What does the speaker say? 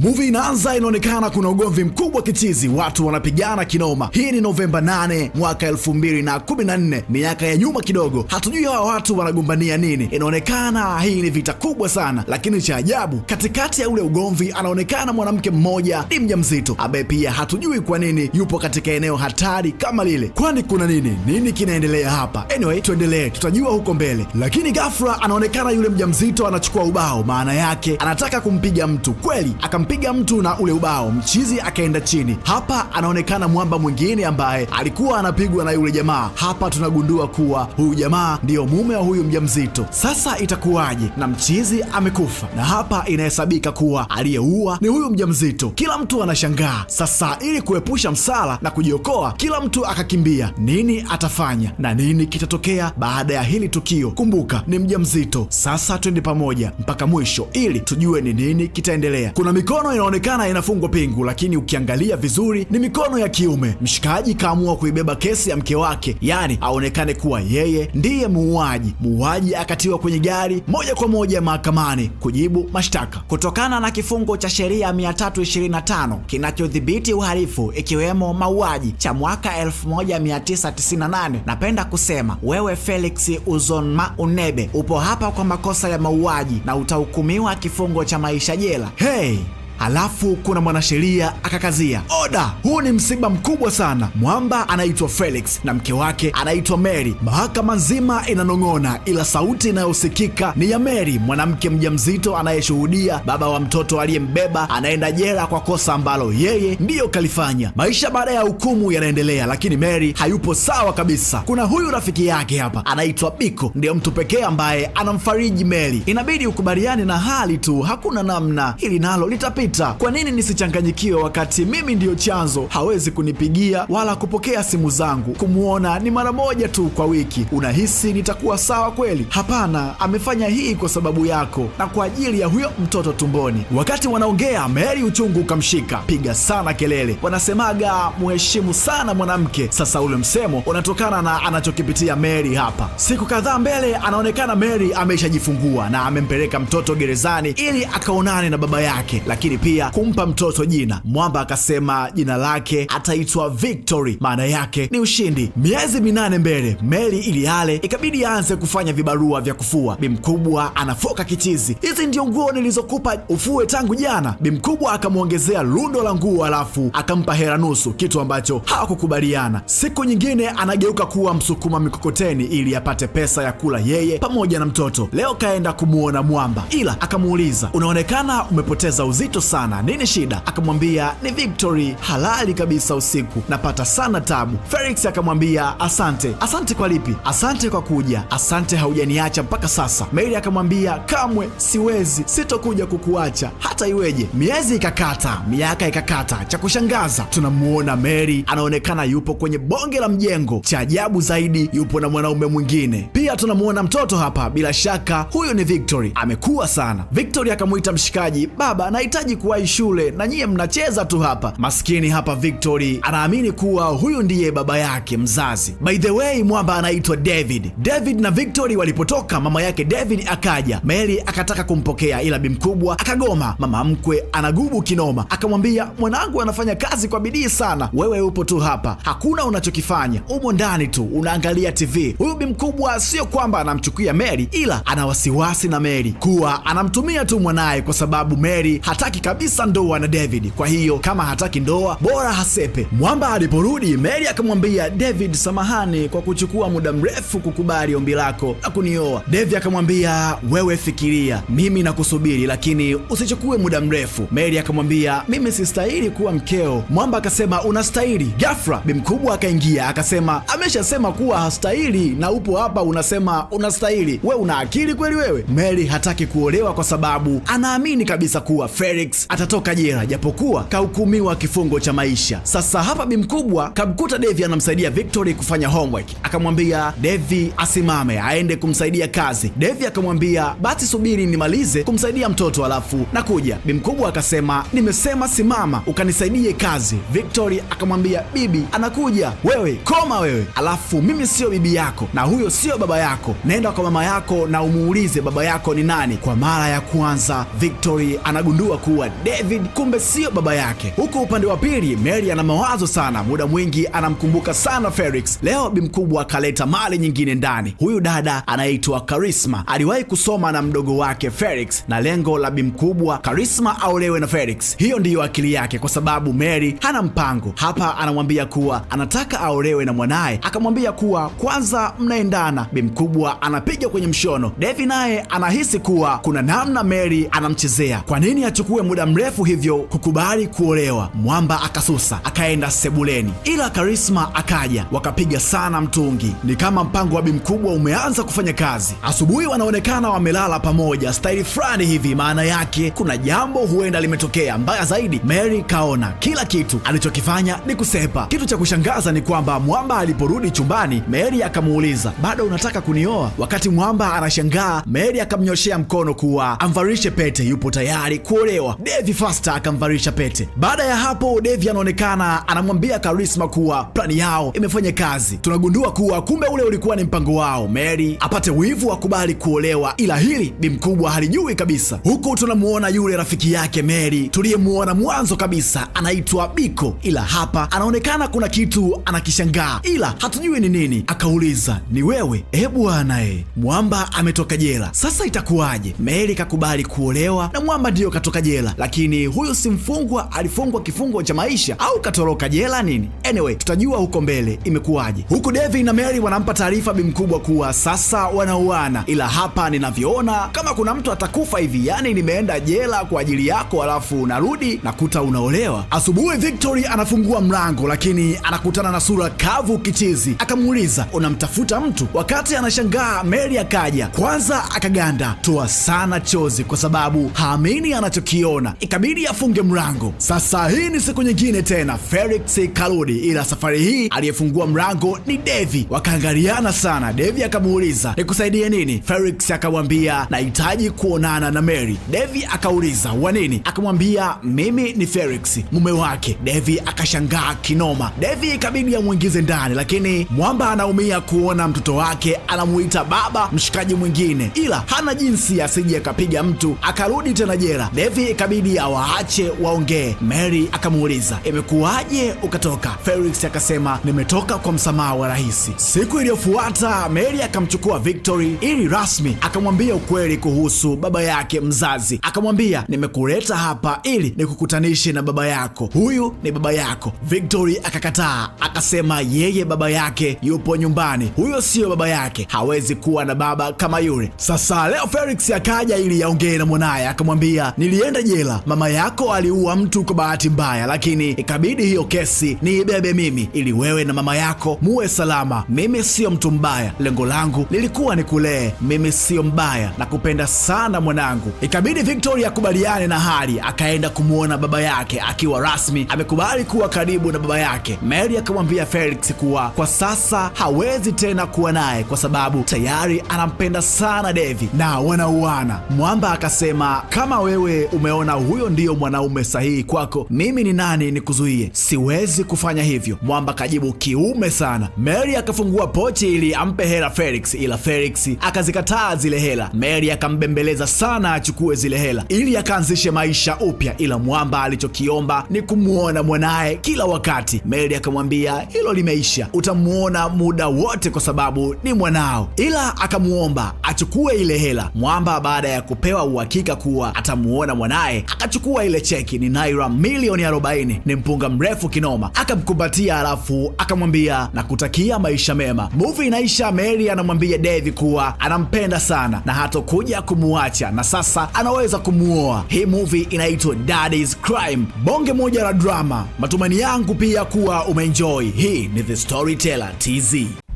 Movie inaanza, inaonekana kuna ugomvi mkubwa kichizi, watu wanapigana kinoma. Hii ni Novemba 8 mwaka 2014, miaka ya nyuma kidogo. Hatujui hawa watu wanagombania nini, inaonekana hii ni vita kubwa sana. Lakini cha ajabu, katikati ya ule ugomvi anaonekana mwanamke mmoja ni mjamzito, ambaye pia hatujui kwa nini yupo katika eneo hatari kama lile. Kwani kuna nini? Nini kinaendelea hapa? Anyway, tuendelee, tutajua huko mbele. Lakini ghafla anaonekana yule mjamzito anachukua ubao, maana yake anataka kumpiga mtu kweli, akam akampiga mtu na ule ubao, mchizi akaenda chini. Hapa anaonekana mwamba mwingine ambaye alikuwa anapigwa na yule jamaa. Hapa tunagundua kuwa huyu jamaa ndiyo mume wa huyu mjamzito. Sasa itakuwaje? Na mchizi amekufa, na hapa inahesabika kuwa aliyeua ni huyu mjamzito. Kila mtu anashangaa. Sasa ili kuepusha msala na kujiokoa, kila mtu akakimbia. Nini atafanya na nini kitatokea baada ya hili tukio? Kumbuka ni mjamzito. Sasa twende pamoja mpaka mwisho ili tujue ni nini kitaendelea. Kuna mikono Mikono inaonekana inafungwa pingu, lakini ukiangalia vizuri ni mikono ya kiume. Mshikaji kaamua kuibeba kesi ya mke wake, yaani aonekane kuwa yeye ndiye muuaji. Muuaji akatiwa kwenye gari moja kwa moja mahakamani kujibu mashtaka kutokana na kifungo cha sheria 325 kinachodhibiti uhalifu ikiwemo mauaji cha mwaka 1998. Napenda kusema wewe Felix Uzonma Unebe upo hapa kwa makosa ya mauaji na utahukumiwa kifungo cha maisha jela. Hey, Halafu kuna mwanasheria akakazia oda, huu ni msiba mkubwa sana. Mwamba anaitwa Felix na mke wake anaitwa Mary. Mahakama nzima inanong'ona, ila sauti inayosikika ni ya Mary, mwanamke mjamzito anayeshuhudia baba wa mtoto aliyembeba anaenda jela kwa kosa ambalo yeye ndiyo kalifanya. Maisha baada ya hukumu yanaendelea, lakini Mary hayupo sawa kabisa. Kuna huyu rafiki yake hapa anaitwa Biko, ndiyo mtu pekee ambaye anamfariji Mary. Inabidi ukubaliane na hali tu, hakuna namna, hili nalo litapita sita. Kwa nini nisichanganyikiwe wakati mimi ndiyo chanzo? Hawezi kunipigia wala kupokea simu zangu, kumwona ni mara moja tu kwa wiki. Unahisi nitakuwa sawa kweli? Hapana, amefanya hii kwa sababu yako na kwa ajili ya huyo mtoto tumboni. Wakati wanaongea, Mary uchungu ukamshika. Piga sana kelele, wanasemaga muheshimu sana mwanamke. Sasa ule msemo unatokana na anachokipitia Mary hapa. Siku kadhaa mbele, anaonekana Mary ameishajifungua na amempeleka mtoto gerezani ili akaonane na baba yake, lakini lakini pia kumpa mtoto jina. Mwamba akasema jina lake ataitwa Victory, maana yake ni ushindi. Miezi minane mbele, meli iliale ikabidi aanze kufanya vibarua vya kufua. Bimkubwa anafoka kichizi, hizi ndio nguo nilizokupa ufue tangu jana. Bimkubwa akamwongezea lundo la nguo, alafu akampa hela nusu, kitu ambacho hawakukubaliana. Siku nyingine anageuka kuwa msukuma mikokoteni ili apate pesa ya kula yeye pamoja na mtoto. Leo kaenda kumuona Mwamba, ila akamuuliza unaonekana umepoteza uzito sana, nini shida? Akamwambia ni Victory halali kabisa, usiku napata sana tabu. Felix akamwambia asante. Asante kwa lipi? Asante kwa kuja, asante haujaniacha mpaka sasa. Mary akamwambia kamwe siwezi, sitokuja kukuacha hata iweje. Miezi ikakata, miaka ikakata. Cha kushangaza tunamwona Mary anaonekana yupo kwenye bonge la mjengo. Cha ajabu zaidi, yupo na mwanaume mwingine pia. Tunamwona mtoto hapa, bila shaka huyu ni Victory, amekuwa sana. Victory akamwita mshikaji, baba, nahitaji kuwahi shule na nyiye mnacheza tu hapa. Maskini hapa Victory anaamini kuwa huyu ndiye baba yake mzazi. By the way, mwamba anaitwa David. David na Victory walipotoka, mama yake David akaja. Mary akataka kumpokea, ila bimkubwa akagoma. Mama mkwe anagubu kinoma, akamwambia mwanangu anafanya kazi kwa bidii sana, wewe upo tu hapa, hakuna unachokifanya, umo ndani tu unaangalia TV. Huyu bimkubwa sio kwamba anamchukia Mary, ila ana wasiwasi na Mary kuwa anamtumia tu mwanaye kwa sababu Mary hataki hataki kabisa ndoa na David. Kwa hiyo kama hataki ndoa bora hasepe. Mwamba aliporudi, Mary akamwambia David, samahani kwa kuchukua muda mrefu kukubali ombi lako na kunioa. David akamwambia, wewe fikiria, mimi nakusubiri, lakini usichukue muda mrefu. Mary akamwambia, mimi sistahili kuwa mkeo. Mwamba akasema, unastahili. Ghafla bimkubwa akaingia akasema, ameshasema kuwa hastahili na upo hapa unasema unastahili. We una akili kweli wewe? Mary hataki kuolewa kwa sababu anaamini kabisa kuwa Felix Felix atatoka jera japokuwa kahukumiwa kifungo cha maisha. Sasa hapa bi mkubwa kamkuta Devi anamsaidia Victory kufanya homework, akamwambia Devi asimame aende kumsaidia kazi. Devi akamwambia basi subiri nimalize kumsaidia mtoto alafu nakuja. Bi mkubwa akasema nimesema simama ukanisaidie kazi. Victory akamwambia bibi anakuja, wewe koma wewe, alafu mimi siyo bibi yako na huyo siyo baba yako, naenda kwa mama yako na umuulize baba yako ni nani. Kwa mara ya kwanza Victory anagundua kuwa kuwa David kumbe sio baba yake. Huko upande wa pili, Mary ana mawazo sana, muda mwingi anamkumbuka sana Felix. Leo bi mkubwa akaleta mali nyingine ndani. Huyu dada anaitwa Karisma aliwahi kusoma na mdogo wake Felix, na lengo la bi mkubwa Karisma aolewe na Felix. Hiyo ndiyo akili yake, kwa sababu Mary hana mpango hapa. Anamwambia kuwa anataka aolewe na mwanaye, akamwambia kuwa kwanza mnaendana. Bi mkubwa anapiga kwenye mshono. Devi naye anahisi kuwa kuna namna Mary anamchezea, kwa nini achukue muda mrefu hivyo kukubali kuolewa. Mwamba akasusa akaenda sebuleni, ila Karisma akaja, wakapiga sana mtungi. Ni kama mpango wa bimkubwa umeanza kufanya kazi. Asubuhi wanaonekana wamelala pamoja staili fulani hivi, maana yake kuna jambo huenda limetokea. Mbaya zaidi, Mary kaona kila kitu, alichokifanya ni kusepa. Kitu cha kushangaza ni kwamba Mwamba aliporudi chumbani, Mary akamuuliza bado unataka kunioa? Wakati Mwamba anashangaa, Mary akamnyoshea mkono kuwa amvarishe pete, yupo tayari kuolewa. Devi Faster akamvalisha pete. Baada ya hapo, Devi anaonekana anamwambia Karisma kuwa plani yao imefanya kazi. Tunagundua kuwa kumbe ule ulikuwa ni mpango wao, Mary apate wivu akubali kuolewa, ila hili bi mkubwa halijui kabisa. Huku tunamuona yule rafiki yake Mary tuliyemuona mwanzo kabisa anaitwa Biko, ila hapa anaonekana kuna kitu anakishangaa, ila hatujui ni nini. Akauliza, ni wewe? eh bwana e, mwamba ametoka jela, sasa itakuwaje? Mary kakubali kuolewa na mwamba ndiyo katoka jela jela, lakini huyu si mfungwa, alifungwa kifungo cha maisha au katoroka jela nini? Anyway, tutajua huko mbele imekuwaje. Huku Devi na Mary wanampa taarifa bi mkubwa kuwa sasa wanauana, ila hapa ninavyoona kama kuna mtu atakufa hivi, yani nimeenda jela kwa ajili yako alafu narudi nakuta unaolewa. Asubuhi Victory anafungua mlango, lakini anakutana na sura kavu kichizi, akamuuliza unamtafuta mtu? Wakati anashangaa Mary akaja kwanza, akaganda toa sana chozi kwa sababu haamini anachokiona kuona ikabidi afunge mlango. Sasa hii ni siku nyingine tena, Felix karudi, ila safari hii aliyefungua mlango ni Devi. Wakaangaliana sana, Devi akamuuliza nikusaidie nini? Felix akamwambia nahitaji kuonana na Mary. Devi akauliza wa nini? Akamwambia mimi ni Felix mume wake. Devi akashangaa kinoma. Devi ikabidi amwingize ndani, lakini mwamba anaumia kuona mtoto wake anamuita baba mshikaji mwingine, ila hana jinsi asije akapiga mtu akarudi tena jela. Devi ikabidi awaache waongee. Mary akamuuliza imekuwaje ukatoka? Felix akasema nimetoka kwa msamaha wa rais. Siku iliyofuata Mary akamchukua Victory ili rasmi akamwambia ukweli kuhusu baba yake mzazi. Akamwambia nimekuleta hapa ili nikukutanishe na baba yako, huyu ni baba yako. Victory akakataa, akasema yeye baba yake yupo nyumbani, huyo siyo baba yake, hawezi kuwa na baba kama yule. Sasa leo Felix akaja ili yaongee na mwanaye, akamwambia nilienda je jela. Mama yako aliua mtu kwa bahati mbaya, lakini ikabidi hiyo kesi niibebe mimi ili wewe na mama yako muwe salama. Mimi siyo mtu mbaya, lengo langu lilikuwa ni kulee. Mimi siyo mbaya, na kupenda sana mwanangu. Ikabidi Victoria akubaliane na hali, akaenda kumwona baba yake akiwa rasmi amekubali kuwa karibu na baba yake. Mary akamwambia Felix kuwa kwa sasa hawezi tena kuwa naye kwa sababu tayari anampenda sana Devi na wanauana. Mwamba akasema kama wewe ume unaona huyo ndiyo mwanaume sahihi kwako, mimi ni nani nikuzuie? Siwezi kufanya hivyo, mwamba kajibu kiume sana. Mary akafungua pochi ili ampe hela Felix, ila Felix akazikataa zile hela. Mary akambembeleza sana achukue zile hela ili akaanzishe maisha upya, ila mwamba alichokiomba ni kumwona mwanaye kila wakati. Mary akamwambia hilo limeisha, utamwona muda wote kwa sababu ni mwanao, ila akamwomba achukue ile hela. Mwamba baada ya kupewa uhakika kuwa atamuona mwanaye naye akachukua ile cheki, ni naira milioni 40. Ni mpunga mrefu kinoma, akamkumbatia alafu akamwambia na kutakia maisha mema. muvi inaisha, Mary anamwambia Devi kuwa anampenda sana na hatokuja kumuacha na sasa anaweza kumuoa. Hii muvi inaitwa Daddy's Crime, bonge moja la drama. Matumaini yangu pia kuwa umenjoi Hii ni The Storyteller TZ.